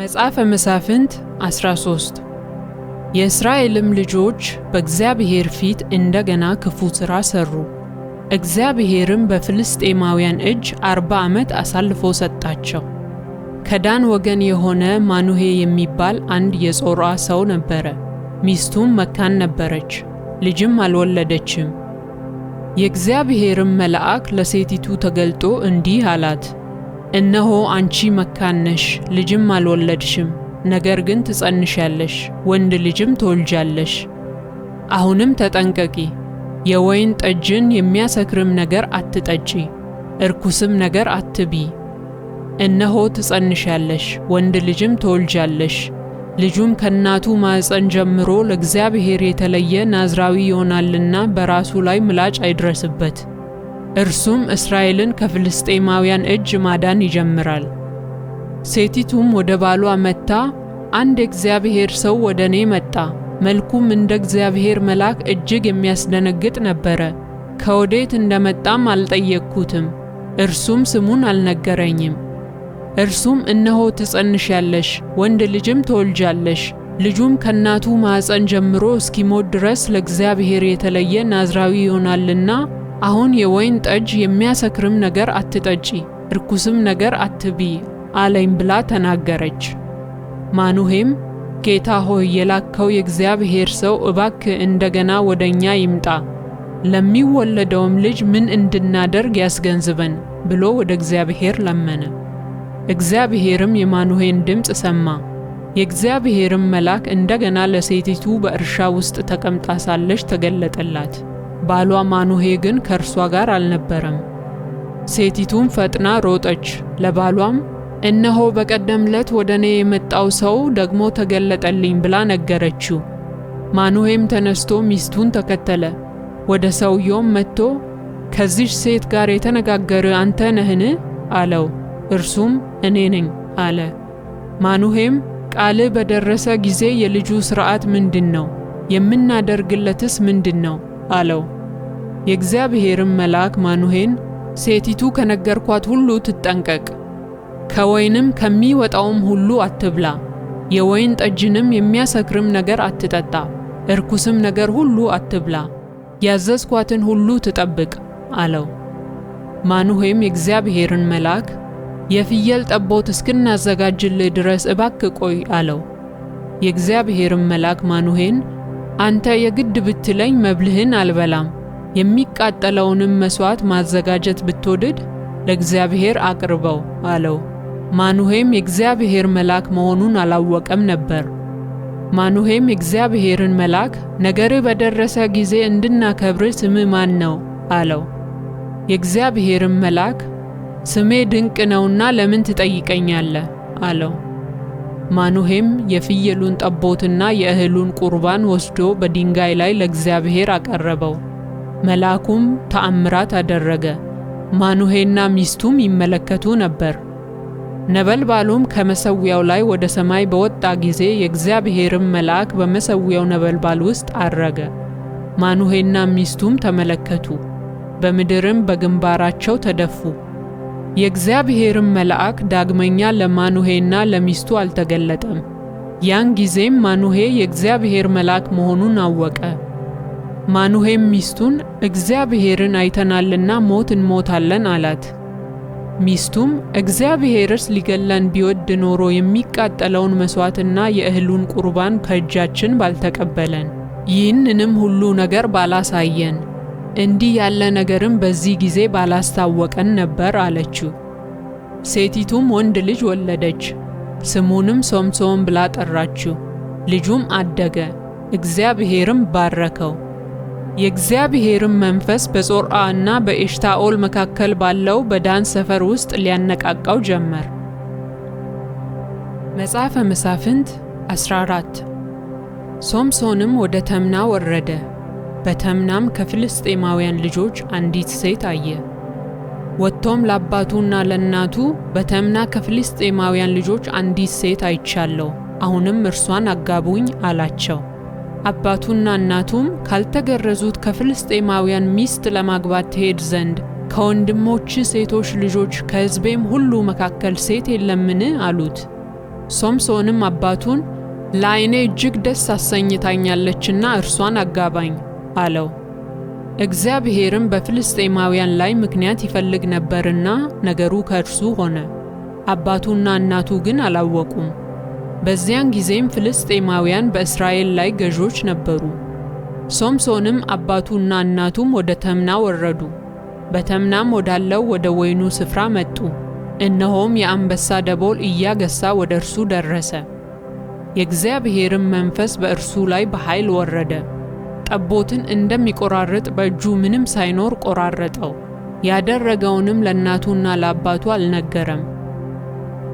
መጽሐፈ መሳፍንት 13 የእስራኤልም ልጆች በእግዚአብሔር ፊት እንደገና ክፉ ሥራ ሠሩ። እግዚአብሔርም በፍልስጤማውያን እጅ አርባ ዓመት አሳልፎ ሰጣቸው። ከዳን ወገን የሆነ ማኑሄ የሚባል አንድ የጾርዓ ሰው ነበረ። ሚስቱም መካን ነበረች፣ ልጅም አልወለደችም። የእግዚአብሔርም መልአክ ለሴቲቱ ተገልጦ እንዲህ አላት፦ እነሆ አንቺ መካነሽ ልጅም አልወለድሽም፣ ነገር ግን ትጸንሻለሽ፣ ወንድ ልጅም ትወልጃለሽ። አሁንም ተጠንቀቂ፣ የወይን ጠጅን የሚያሰክርም ነገር አትጠጪ፣ እርኩስም ነገር አትቢ። እነሆ ትጸንሻለሽ፣ ወንድ ልጅም ትወልጃለሽ፣ ልጁም ከእናቱ ማኅፀን ጀምሮ ለእግዚአብሔር የተለየ ናዝራዊ ይሆናልና በራሱ ላይ ምላጭ አይድረስበት። እርሱም እስራኤልን ከፍልስጤማውያን እጅ ማዳን ይጀምራል። ሴቲቱም ወደ ባሏ መጥታ አንድ የእግዚአብሔር ሰው ወደ እኔ መጣ፣ መልኩም እንደ እግዚአብሔር መልአክ እጅግ የሚያስደነግጥ ነበረ። ከወዴት እንደመጣም አልጠየቅኩትም፣ እርሱም ስሙን አልነገረኝም። እርሱም እነሆ ትጸንሻለሽ፣ ወንድ ልጅም ትወልጃለሽ፣ ልጁም ከእናቱ ማኅፀን ጀምሮ እስኪሞት ድረስ ለእግዚአብሔር የተለየ ናዝራዊ ይሆናልና አሁን የወይን ጠጅ የሚያሰክርም ነገር አትጠጪ፣ ርኩስም ነገር አትብይ አለኝ ብላ ተናገረች። ማኑሄም ጌታ ሆይ የላከው የእግዚአብሔር ሰው እባክ እንደገና ወደ እኛ ይምጣ፣ ለሚወለደውም ልጅ ምን እንድናደርግ ያስገንዝበን ብሎ ወደ እግዚአብሔር ለመነ። እግዚአብሔርም የማኑሄን ድምፅ ሰማ። የእግዚአብሔርም መልአክ እንደገና ለሴቲቱ በእርሻ ውስጥ ተቀምጣ ሳለች ተገለጠላት። ባሏ ማኑሄ ግን ከእርሷ ጋር አልነበረም። ሴቲቱም ፈጥና ሮጠች፣ ለባሏም እነሆ በቀደም ለት ወደ እኔ የመጣው ሰው ደግሞ ተገለጠልኝ ብላ ነገረችው። ማኑሄም ተነስቶ ሚስቱን ተከተለ። ወደ ሰውየውም መጥቶ ከዚች ሴት ጋር የተነጋገረ አንተ ነህን? አለው። እርሱም እኔ ነኝ አለ። ማኑሄም ቃል በደረሰ ጊዜ የልጁ ሥርዓት ምንድን ነው? የምናደርግለትስ ምንድን ነው? አለው። የእግዚአብሔርም መልአክ ማኑሄን ሴቲቱ ከነገርኳት ሁሉ ትጠንቀቅ፣ ከወይንም ከሚወጣውም ሁሉ አትብላ፣ የወይን ጠጅንም የሚያሰክርም ነገር አትጠጣ፣ እርኩስም ነገር ሁሉ አትብላ፣ ያዘዝኳትን ሁሉ ትጠብቅ አለው። ማኑሄም የእግዚአብሔርን መልአክ የፍየል ጠቦት እስክናዘጋጅልህ ድረስ እባክ ቆይ አለው። የእግዚአብሔርም መልአክ ማኑሄን አንተ የግድ ብትለኝ መብልህን አልበላም፣ የሚቃጠለውንም መሥዋዕት ማዘጋጀት ብትወድድ ለእግዚአብሔር አቅርበው አለው። ማኑሄም የእግዚአብሔር መልአክ መሆኑን አላወቀም ነበር። ማኑሄም የእግዚአብሔርን መልአክ ነገርህ በደረሰ ጊዜ እንድናከብርህ ስምህ ማን ነው? አለው። የእግዚአብሔርን መልአክ ስሜ ድንቅ ነውና ለምን ትጠይቀኛለህ? አለው። ማኑሄም የፍየሉን ጠቦትና የእህሉን ቁርባን ወስዶ በድንጋይ ላይ ለእግዚአብሔር አቀረበው። መልአኩም ተአምራት አደረገ። ማኑሄና ሚስቱም ይመለከቱ ነበር። ነበልባሉም ከመሰዊያው ላይ ወደ ሰማይ በወጣ ጊዜ የእግዚአብሔርም መልአክ በመሰዊያው ነበልባል ውስጥ አረገ። ማኑሄና ሚስቱም ተመለከቱ፣ በምድርም በግንባራቸው ተደፉ። የእግዚአብሔርም መልአክ ዳግመኛ ለማኑሄና ለሚስቱ አልተገለጠም። ያን ጊዜም ማኑሄ የእግዚአብሔር መልአክ መሆኑን አወቀ። ማኑሄም ሚስቱን እግዚአብሔርን አይተናልና ሞት እንሞታለን አላት። ሚስቱም እግዚአብሔርስ ሊገላን ቢወድ ኖሮ የሚቃጠለውን መሥዋዕትና የእህሉን ቁርባን ከእጃችን ባልተቀበለን፣ ይህንንም ሁሉ ነገር ባላሳየን እንዲህ ያለ ነገርም በዚህ ጊዜ ባላስታወቀን ነበር አለችው። ሴቲቱም ወንድ ልጅ ወለደች፣ ስሙንም ሶምሶን ብላ ጠራችው። ልጁም አደገ፣ እግዚአብሔርም ባረከው። የእግዚአብሔርም መንፈስ በጾርአ እና በኤሽታኦል መካከል ባለው በዳን ሰፈር ውስጥ ሊያነቃቃው ጀመር። መጽሐፈ መሳፍንት 14 ሶምሶንም ወደ ተምና ወረደ። በተምናም ከፍልስጤማውያን ልጆች አንዲት ሴት አየ። ወጥቶም ለአባቱና ለእናቱ በተምና ከፍልስጤማውያን ልጆች አንዲት ሴት አይቻለሁ፣ አሁንም እርሷን አጋቡኝ አላቸው። አባቱና እናቱም ካልተገረዙት ከፍልስጤማውያን ሚስት ለማግባት ትሄድ ዘንድ ከወንድሞች ሴቶች ልጆች ከሕዝቤም ሁሉ መካከል ሴት የለምን? አሉት። ሶምሶንም አባቱን ለዓይኔ እጅግ ደስ አሰኝታኛለችና እርሷን አጋባኝ አለው። እግዚአብሔርም በፍልስጤማውያን ላይ ምክንያት ይፈልግ ነበርና ነገሩ ከእርሱ ሆነ። አባቱና እናቱ ግን አላወቁም። በዚያን ጊዜም ፍልስጤማውያን በእስራኤል ላይ ገዦች ነበሩ። ሶምሶንም አባቱና እናቱም ወደ ተምና ወረዱ። በተምናም ወዳለው ወደ ወይኑ ስፍራ መጡ። እነሆም የአንበሳ ደቦል እያገሳ ወደ እርሱ ደረሰ። የእግዚአብሔርም መንፈስ በእርሱ ላይ በኃይል ወረደ። ጠቦትን እንደሚቆራርጥ በእጁ ምንም ሳይኖር ቆራረጠው። ያደረገውንም ለእናቱና ለአባቱ አልነገረም።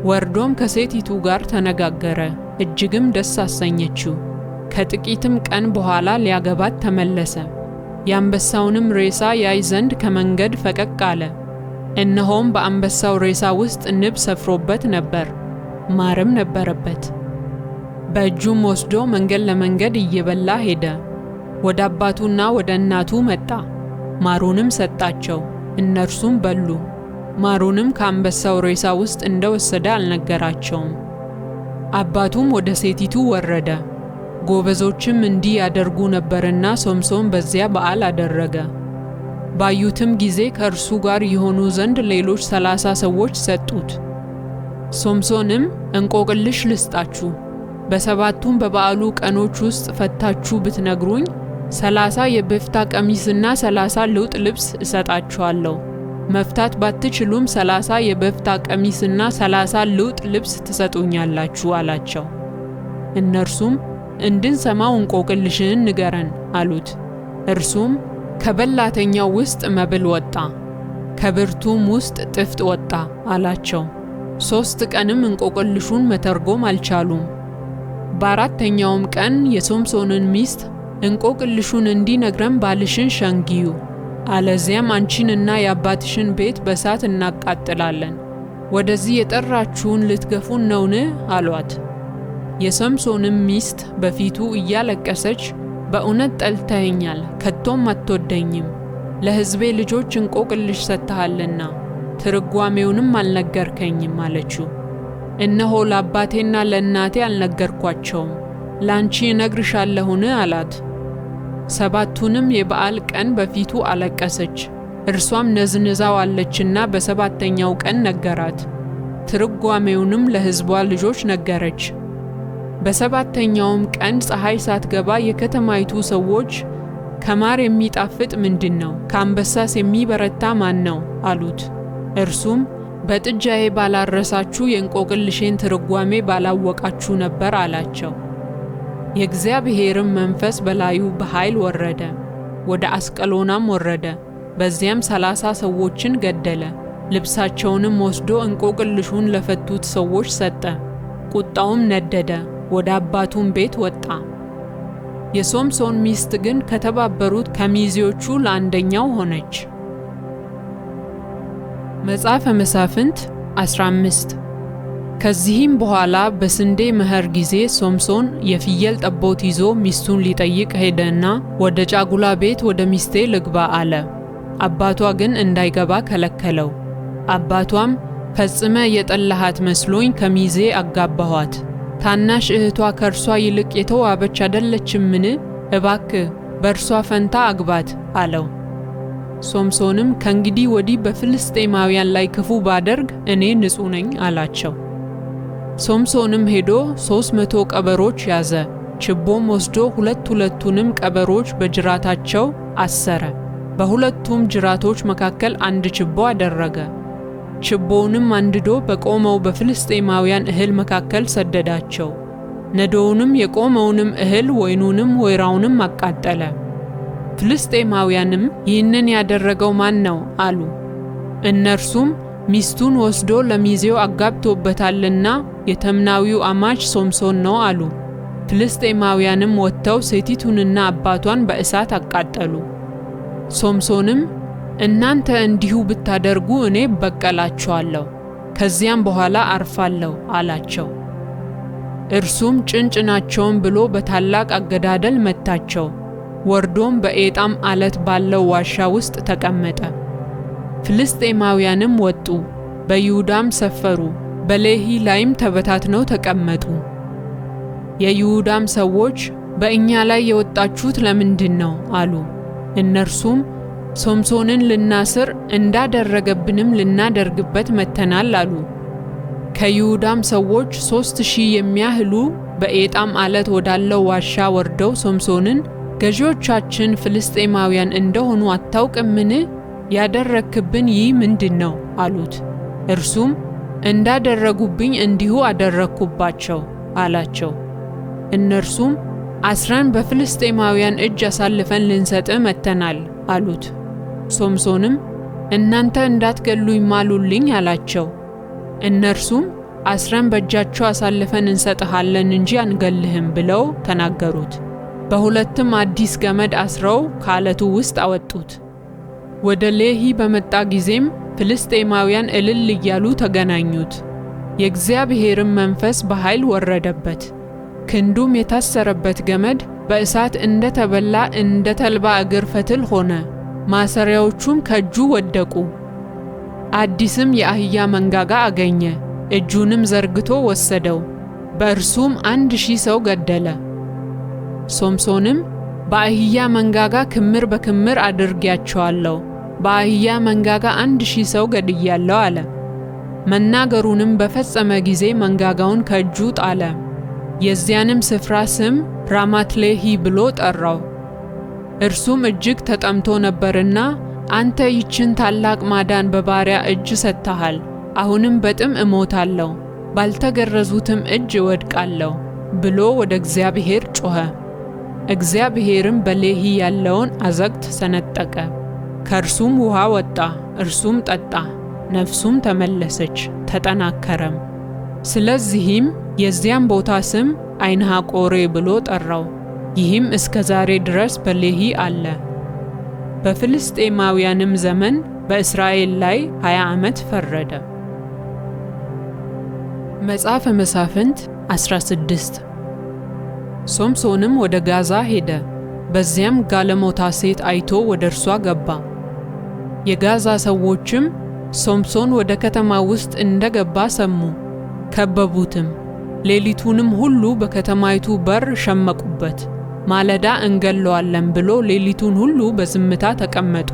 ወርዶም ከሴቲቱ ጋር ተነጋገረ፣ እጅግም ደስ አሰኘችው። ከጥቂትም ቀን በኋላ ሊያገባት ተመለሰ። የአንበሳውንም ሬሳ ያይ ዘንድ ከመንገድ ፈቀቅ አለ። እነሆም በአንበሳው ሬሳ ውስጥ ንብ ሰፍሮበት ነበር፣ ማርም ነበረበት። በእጁም ወስዶ መንገድ ለመንገድ እየበላ ሄደ። ወደ አባቱና ወደ እናቱ መጣ፣ ማሩንም ሰጣቸው፣ እነርሱም በሉ። ማሩንም ከአንበሳው ሬሳ ውስጥ እንደ ወሰደ አልነገራቸውም። አባቱም ወደ ሴቲቱ ወረደ፣ ጎበዞችም እንዲህ ያደርጉ ነበርና ሶምሶን በዚያ በዓል አደረገ። ባዩትም ጊዜ ከእርሱ ጋር የሆኑ ዘንድ ሌሎች ሰላሳ ሰዎች ሰጡት። ሶምሶንም እንቆቅልሽ ልስጣችሁ፣ በሰባቱም በበዓሉ ቀኖች ውስጥ ፈታችሁ ብትነግሩኝ ሰላሳ የበፍታ ቀሚስና ሰላሳ ልውጥ ልብስ እሰጣችኋለሁ። መፍታት ባትችሉም ሰላሳ የበፍታ ቀሚስና ሰላሳ ልውጥ ልብስ ትሰጡኛላችሁ አላቸው። እነርሱም እንድንሰማው እንቆቅልሽህን ንገረን አሉት። እርሱም ከበላተኛው ውስጥ መብል ወጣ፣ ከብርቱም ውስጥ ጥፍጥ ወጣ አላቸው። ሦስት ቀንም እንቆቅልሹን መተርጎም አልቻሉም። በአራተኛውም ቀን የሶምሶንን ሚስት እንቆቅልሹን እንዲነግረን ባልሽን ሸንግዩ፣ አለዚያም አንቺንና የአባትሽን ቤት በሳት እናቃጥላለን። ወደዚህ የጠራችሁን ልትገፉን ነውን? አሏት። የሰምሶንም ሚስት በፊቱ እያለቀሰች በእውነት ጠልተኸኛል፣ ከቶም አትወደኝም፣ ለሕዝቤ ልጆች እንቆቅልሽ ሰጥተሃልና ትርጓሜውንም አልነገርከኝም አለችው። እነሆ ለአባቴና ለእናቴ አልነገርኳቸውም፣ ላንቺ እነግርሻለሁን አላት። ሰባቱንም የበዓል ቀን በፊቱ አለቀሰች። እርሷም አለችና በሰባተኛው ቀን ነገራት። ትርጓሜውንም ለሕዝቧ ልጆች ነገረች። በሰባተኛውም ቀን ፀሐይ ሳትገባ የከተማይቱ ሰዎች ከማር የሚጣፍጥ ምንድን ነው? ከአንበሳስ የሚበረታ ማን ነው? አሉት። እርሱም በጥጃዬ ባላረሳችሁ የእንቆቅልሼን ትርጓሜ ባላወቃችሁ ነበር አላቸው። የእግዚአብሔርም መንፈስ በላዩ በኃይል ወረደ፣ ወደ አስቀሎናም ወረደ። በዚያም ሰላሳ ሰዎችን ገደለ። ልብሳቸውንም ወስዶ እንቆቅልሹን ለፈቱት ሰዎች ሰጠ። ቁጣውም ነደደ፣ ወደ አባቱም ቤት ወጣ። የሶምሶን ሚስት ግን ከተባበሩት ከሚዜዎቹ ለአንደኛው ሆነች። መጽሐፈ መሳፍንት 15 ከዚህም በኋላ በስንዴ መኸር ጊዜ ሶምሶን የፍየል ጠቦት ይዞ ሚስቱን ሊጠይቅ ሄደና ወደ ጫጉላ ቤት ወደ ሚስቴ ልግባ አለ። አባቷ ግን እንዳይገባ ከለከለው። አባቷም ፈጽመ የጠላሃት መስሎኝ ከሚዜ አጋባኋት። ታናሽ እህቷ ከእርሷ ይልቅ የተዋበች አደለችምን? እባክ በእርሷ ፈንታ አግባት አለው። ሶምሶንም ከእንግዲህ ወዲህ በፍልስጤማውያን ላይ ክፉ ባደርግ እኔ ንጹሕ ነኝ አላቸው። ሶምሶንም ሄዶ 300 መቶ ቀበሮች ያዘ። ችቦም ወስዶ ሁለት ሁለቱንም ቀበሮች በጅራታቸው አሰረ። በሁለቱም ጅራቶች መካከል አንድ ችቦ አደረገ። ችቦውንም አንድዶ በቆመው በፍልስጤማውያን እህል መካከል ሰደዳቸው። ነዶውንም የቆመውንም እህል ወይኑንም ወይራውንም አቃጠለ። ፍልስጤማውያንም ይህንን ያደረገው ማን ነው አሉ። እነርሱም ሚስቱን ወስዶ ለሚዜው አጋብቶበታልና የተምናዊው አማች ሶምሶን ነው አሉ። ፍልስጤማውያንም ወጥተው ሴቲቱንና አባቷን በእሳት አቃጠሉ። ሶምሶንም እናንተ እንዲሁ ብታደርጉ እኔ በቀላችኋለሁ፣ ከዚያም በኋላ አርፋለሁ አላቸው። እርሱም ጭንጭናቸውን ብሎ በታላቅ አገዳደል መታቸው። ወርዶም በኤጣም አለት ባለው ዋሻ ውስጥ ተቀመጠ። ፍልስጤማውያንም ወጡ፣ በይሁዳም ሰፈሩ። በሌሂ ላይም ተበታትነው ተቀመጡ። የይሁዳም ሰዎች በእኛ ላይ የወጣችሁት ለምንድን ነው አሉ። እነርሱም ሶምሶንን ልናስር እንዳደረገብንም ልናደርግበት መተናል አሉ። ከይሁዳም ሰዎች ሦስት ሺህ የሚያህሉ በኤጣም አለት ወዳለው ዋሻ ወርደው ሶምሶንን ገዢዎቻችን ፍልስጤማውያን እንደሆኑ አታውቅምን? ያደረክብን ይህ ምንድን ነው አሉት። እርሱም እንዳደረጉብኝ እንዲሁ አደረግኩባቸው አላቸው። እነርሱም አስረን በፍልስጤማውያን እጅ አሳልፈን ልንሰጥ መጥተናል አሉት። ሶምሶንም እናንተ እንዳትገሉኝ ማሉልኝ አላቸው። እነርሱም አስረን በእጃቸው አሳልፈን እንሰጥሃለን እንጂ አንገልህም ብለው ተናገሩት። በሁለትም አዲስ ገመድ አስረው ከዓለቱ ውስጥ አወጡት። ወደ ሌሂ በመጣ ጊዜም ፍልስጤማውያን እልል እያሉ ተገናኙት። የእግዚአብሔርም መንፈስ በኃይል ወረደበት። ክንዱም የታሰረበት ገመድ በእሳት እንደ ተበላ እንደ ተልባ እግር ፈትል ሆነ፣ ማሰሪያዎቹም ከእጁ ወደቁ። አዲስም የአህያ መንጋጋ አገኘ፣ እጁንም ዘርግቶ ወሰደው፣ በእርሱም አንድ ሺህ ሰው ገደለ። ሶምሶንም በአህያ መንጋጋ ክምር በክምር አድርጌያቸዋለሁ በአህያ መንጋጋ አንድ ሺህ ሰው ገድያለሁ አለ። መናገሩንም በፈጸመ ጊዜ መንጋጋውን ከእጁ ጣለ። የዚያንም ስፍራ ስም ራማትሌሂ ብሎ ጠራው። እርሱም እጅግ ተጠምቶ ነበርና አንተ ይችን ታላቅ ማዳን በባሪያ እጅ ሰጥተሃል። አሁንም በጥም እሞታለሁ፣ ባልተገረዙትም እጅ እወድቃለሁ ብሎ ወደ እግዚአብሔር ጮኸ። እግዚአብሔርም በሌሂ ያለውን አዘግት ሰነጠቀ። ከእርሱም ውሃ ወጣ፣ እርሱም ጠጣ፣ ነፍሱም ተመለሰች ተጠናከረም። ስለዚህም የዚያም ቦታ ስም አይንሃ ብሎ ጠራው። ይህም እስከ ዛሬ ድረስ በሌሂ አለ። በፍልስጤማውያንም ዘመን በእስራኤል ላይ 20 ዓመት ፈረደ። መጽሐፈ መሳፍንት 16 ሶምሶንም ወደ ጋዛ ሄደ። በዚያም ጋለሞታ ሴት አይቶ ወደ እርሷ ገባ። የጋዛ ሰዎችም ሶምሶን ወደ ከተማ ውስጥ እንደገባ ሰሙ፣ ከበቡትም። ሌሊቱንም ሁሉ በከተማይቱ በር ሸመቁበት። ማለዳ እንገለዋለን ብሎ ሌሊቱን ሁሉ በዝምታ ተቀመጡ።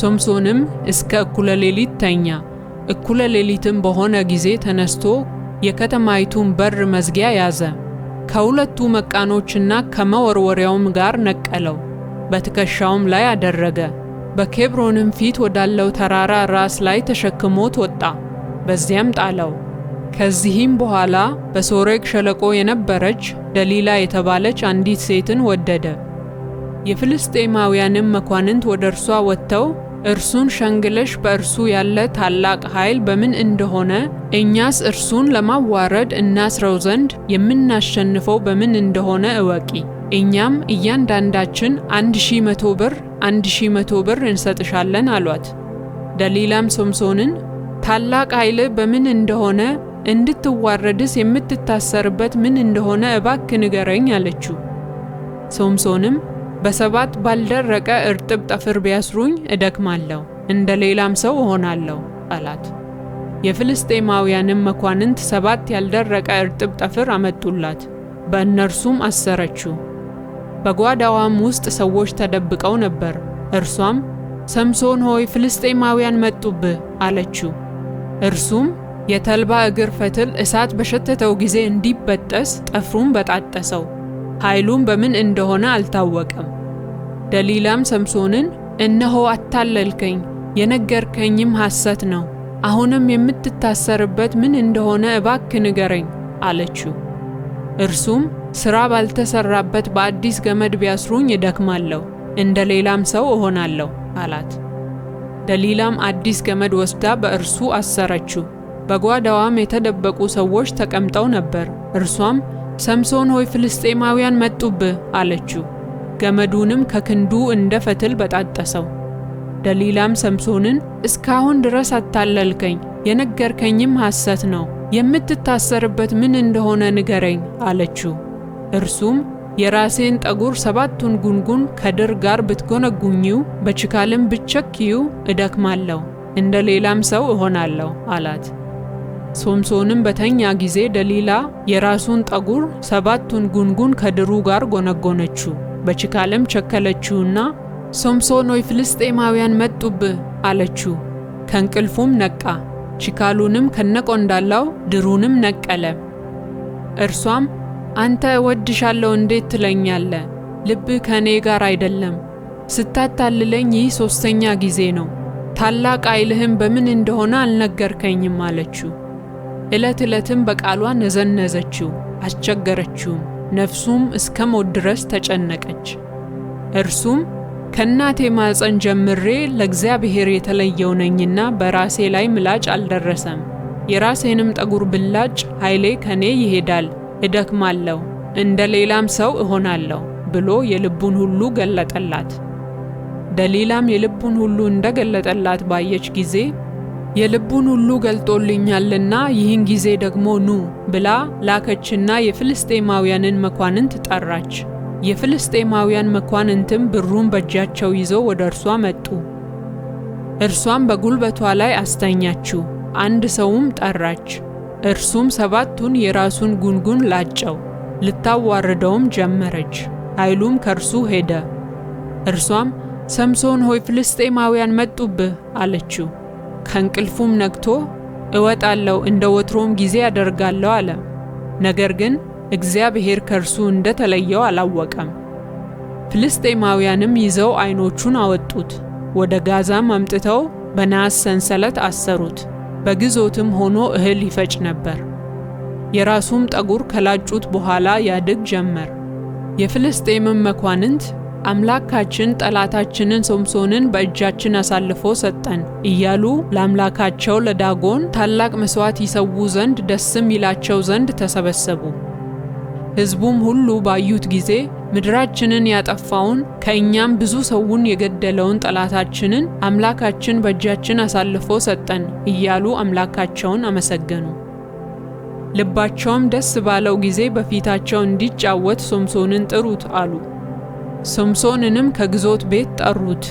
ሶምሶንም እስከ እኩለ ሌሊት ተኛ። እኩለ ሌሊትም በሆነ ጊዜ ተነስቶ የከተማይቱን በር መዝጊያ ያዘ፣ ከሁለቱ መቃኖችና ከመወርወሪያውም ጋር ነቀለው፣ በትከሻውም ላይ አደረገ። በኬብሮንም ፊት ወዳለው ተራራ ራስ ላይ ተሸክሞት ወጣ፣ በዚያም ጣለው። ከዚህም በኋላ በሶሬግ ሸለቆ የነበረች ደሊላ የተባለች አንዲት ሴትን ወደደ። የፍልስጤማውያንም መኳንንት ወደ እርሷ ወጥተው እርሱን ሸንግለሽ በእርሱ ያለ ታላቅ ኃይል በምን እንደሆነ እኛስ እርሱን ለማዋረድ እናስረው ዘንድ የምናሸንፈው በምን እንደሆነ እወቂ እኛም እያንዳንዳችን አንድ ሺህ መቶ ብር አንድ ሺ መቶ ብር እንሰጥሻለን አሏት። ደሊላም ሶምሶንን ታላቅ ኃይል በምን እንደሆነ እንድትዋረድስ የምትታሰርበት ምን እንደሆነ እባክ ንገረኝ አለችው። ሶምሶንም በሰባት ባልደረቀ እርጥብ ጠፍር ቢያስሩኝ እደክማለሁ፣ እንደ ሌላም ሰው እሆናለሁ አላት። የፍልስጤማውያንም መኳንንት ሰባት ያልደረቀ እርጥብ ጠፍር አመጡላት፣ በእነርሱም አሰረችው። በጓዳዋም ውስጥ ሰዎች ተደብቀው ነበር። እርሷም ሰምሶን ሆይ ፍልስጤማውያን መጡብህ አለችው። እርሱም የተልባ እግር ፈትል እሳት በሸተተው ጊዜ እንዲበጠስ ጠፍሩን በጣጠሰው። ኃይሉም በምን እንደሆነ አልታወቀም። ደሊላም ሰምሶንን እነሆ አታለልከኝ፣ የነገርከኝም ሐሰት ነው። አሁንም የምትታሰርበት ምን እንደሆነ እባክ ንገረኝ አለችው። እርሱም ስራ ባልተሰራበት በአዲስ ገመድ ቢያስሩኝ እደክማለሁ፣ እንደ ሌላም ሰው እሆናለሁ አላት። ደሊላም አዲስ ገመድ ወስዳ በእርሱ አሰረችው። በጓዳዋም የተደበቁ ሰዎች ተቀምጠው ነበር። እርሷም ሰምሶን ሆይ ፍልስጤማውያን መጡብህ አለችው። ገመዱንም ከክንዱ እንደ ፈትል በጣጠሰው። ደሊላም ሰምሶንን እስካሁን ድረስ አታለልከኝ፣ የነገርከኝም ሐሰት ነው። የምትታሰርበት ምን እንደሆነ ንገረኝ አለችው። እርሱም የራሴን ጠጉር ሰባቱን ጉንጉን ከድር ጋር ብትጎነጉኝው በችካልም ብቸኪዩ እደክማለሁ፣ እንደ ሌላም ሰው እሆናለሁ አላት። ሶምሶንም በተኛ ጊዜ ደሊላ የራሱን ጠጉር ሰባቱን ጉንጉን ከድሩ ጋር ጎነጎነችው፣ በችካልም ቸከለችውና ሶምሶን ሆይ ፍልስጤማውያን መጡብህ አለችው። ከእንቅልፉም ነቃ፣ ችካሉንም ከነቆንዳላው ድሩንም ነቀለ። እርሷም አንተ እወድሻለሁ እንዴት ትለኛለ? ልብህ ከእኔ ጋር አይደለም። ስታታልለኝ ይህ ሦስተኛ ጊዜ ነው። ታላቅ ኃይልህም በምን እንደሆነ አልነገርከኝም አለችው። ዕለት ዕለትም በቃሏ ነዘነዘችው፣ አስቸገረችውም። ነፍሱም እስከ ሞት ድረስ ተጨነቀች። እርሱም ከእናቴ ማፀን ጀምሬ ለእግዚአብሔር የተለየው ነኝና በራሴ ላይ ምላጭ አልደረሰም፣ የራሴንም ጠጉር ብላጭ ኃይሌ ከኔ ይሄዳል እደክማለሁ፣ እንደ ሌላም ሰው እሆናለሁ ብሎ የልቡን ሁሉ ገለጠላት። ደሊላም የልቡን ሁሉ እንደ ገለጠላት ባየች ጊዜ የልቡን ሁሉ ገልጦልኛልና ይህን ጊዜ ደግሞ ኑ ብላ ላከችና የፍልስጤማውያንን መኳንንት ጠራች። የፍልስጤማውያን መኳንንትም ብሩን በእጃቸው ይዘው ወደ እርሷ መጡ። እርሷም በጉልበቷ ላይ አስተኛችው። አንድ ሰውም ጠራች። እርሱም ሰባቱን የራሱን ጉንጉን ላጨው፣ ልታዋርደውም ጀመረች። ኃይሉም ከእርሱ ሄደ። እርሷም ሰምሶን ሆይ ፍልስጤማውያን መጡብህ አለችው። ከእንቅልፉም ነግቶ እወጣለሁ እንደ ወትሮም ጊዜ ያደርጋለሁ አለ። ነገር ግን እግዚአብሔር ከእርሱ እንደ ተለየው አላወቀም። ፍልስጤማውያንም ይዘው አይኖቹን አወጡት፣ ወደ ጋዛም አምጥተው በናስ ሰንሰለት አሰሩት። በግዞትም ሆኖ እህል ይፈጭ ነበር። የራሱም ጠጉር ከላጩት በኋላ ያድግ ጀመር። የፍልስጤምም መኳንንት አምላካችን ጠላታችንን ሶምሶንን በእጃችን አሳልፎ ሰጠን እያሉ ለአምላካቸው ለዳጎን ታላቅ መሥዋዕት ይሰዉ ዘንድ ደስም ይላቸው ዘንድ ተሰበሰቡ። ሕዝቡም ሁሉ ባዩት ጊዜ ምድራችንን ያጠፋውን ከእኛም ብዙ ሰውን የገደለውን ጠላታችንን አምላካችን በእጃችን አሳልፎ ሰጠን እያሉ አምላካቸውን አመሰገኑ። ልባቸውም ደስ ባለው ጊዜ በፊታቸው እንዲጫወት ሶምሶንን ጥሩት አሉ። ሶምሶንንም ከግዞት ቤት ጠሩት፣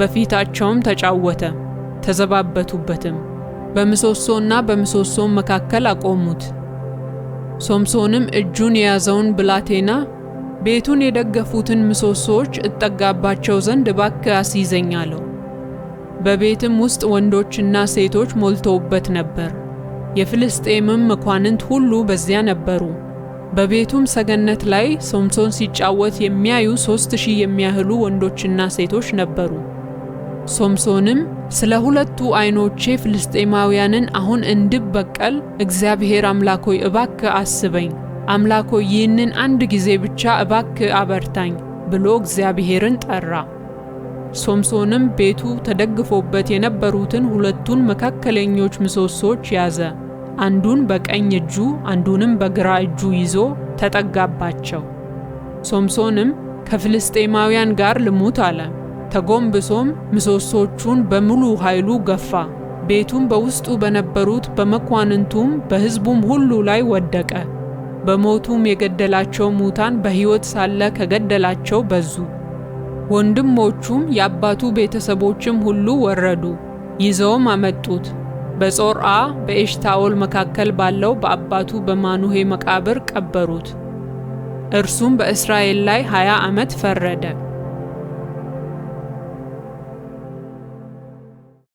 በፊታቸውም ተጫወተ። ተዘባበቱበትም፣ በምሶሶና በምሶሶም መካከል አቆሙት። ሶምሶንም እጁን የያዘውን ብላቴና ቤቱን የደገፉትን ምሰሶዎች እጠጋባቸው ዘንድ ባክ አስይዘኝ አለው። በቤትም ውስጥ ወንዶችና ሴቶች ሞልተውበት ነበር። የፍልስጤምም መኳንንት ሁሉ በዚያ ነበሩ። በቤቱም ሰገነት ላይ ሶምሶን ሲጫወት የሚያዩ ሦስት ሺህ የሚያህሉ ወንዶችና ሴቶች ነበሩ። ሶምሶንም ስለ ሁለቱ አይኖች ፍልስጤማውያንን አሁን እንድበቀል እግዚአብሔር አምላኮይ እባክ እባክህ አስበኝ አምላኮ ይህንን አንድ ጊዜ ብቻ እባክ አበርታኝ ብሎ እግዚአብሔርን ጠራ። ሶምሶንም ቤቱ ተደግፎበት የነበሩትን ሁለቱን መካከለኞች ምሰሶች ያዘ። አንዱን በቀኝ እጁ አንዱንም በግራ እጁ ይዞ ተጠጋባቸው። ሶምሶንም ከፍልስጤማውያን ጋር ልሙት አለ። ተጎንብሶም ምሰሶቹን በሙሉ ኃይሉ ገፋ። ቤቱም በውስጡ በነበሩት በመኳንንቱም በሕዝቡም ሁሉ ላይ ወደቀ። በሞቱም የገደላቸው ሙታን በሕይወት ሳለ ከገደላቸው በዙ። ወንድሞቹም የአባቱ ቤተሰቦችም ሁሉ ወረዱ፣ ይዘውም አመጡት። በጾርአ በኤሽታኦል መካከል ባለው በአባቱ በማኑሄ መቃብር ቀበሩት። እርሱም በእስራኤል ላይ ሀያ ዓመት ፈረደ።